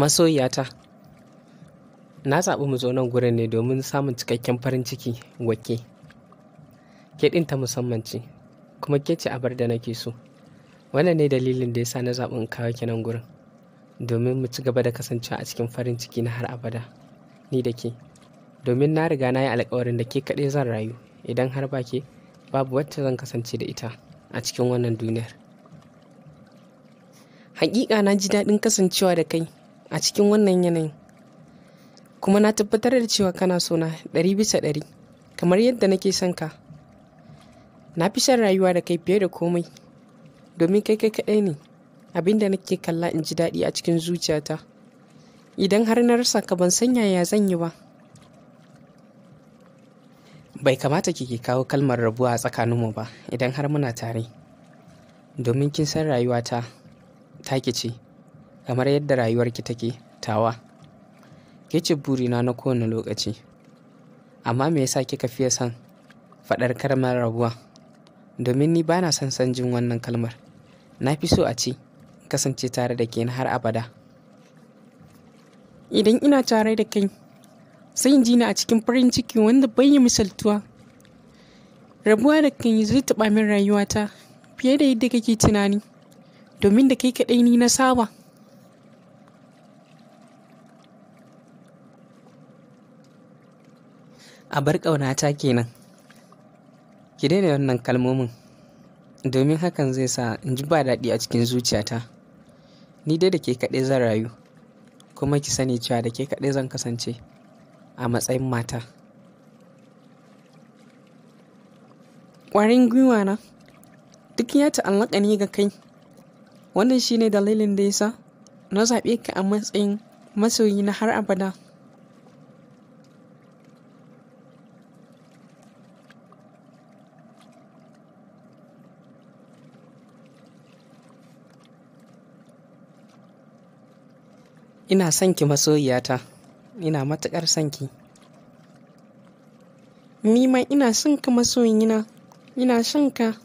masoyata na zaɓi mu zo nan gurin ne domin samun cikakken farin ciki wake ke ɗin ta musamman ce kuma ke ce abar da nake so wannan ne dalilin da ya sa na zaɓi in kawo ki nan gurin domin mu ci gaba da kasancewa a cikin farin ciki na har abada ni da ke domin na riga na yi alkawarin da ke kaɗai zan rayu idan har ba ke babu wacce zan kasance da ita a cikin wannan duniyar haƙiƙa na ji daɗin kasancewa da kai a cikin wannan yanayin kuma na tabbatar da cewa kana sona ɗari bisa ɗari kamar yadda nake son ka na fi son rayuwa da kai fiye da komai domin kai kai kaɗai ne abinda nake kalla in ji daɗi a cikin zuciyata idan har na rasa ka ban san yaya zan yi ba bai kamata kike kawo kalmar rabuwa a tsakaninmu ba idan har muna tare domin kin san rayuwata ta ke ce kamar yadda rayuwarki take tawa ke ce burina na kowane lokaci amma me yasa kika fiye son faɗar kalmar rabuwa domin ni bana son san jin wannan kalmar na fi so a ce kasance tare da ke har abada idan ina tare da kai sai in ji ni a cikin farin ciki wanda bai yi misaltuwa rabuwa da kai zai taɓa min rayuwata fiye da yadda kake tunani domin da kai kaɗai ni na saba a bar ƙaunata kenan ki daina wannan kalmomin domin hakan zai sa in ji ba daɗi a cikin zuciyata ni dai da ke kaɗai zan rayu kuma ki sani cewa da ke kaɗai zan kasance a matsayin mata ƙwarin gwiwa na duk ya ta'allaka ni ga kai wannan shine dalilin da yasa na zaɓe ka a matsayin masoyi na har abada Ina son ki masoyiyata, ina matuƙar son ki. Ni ina son ka masoyina, ina son ka.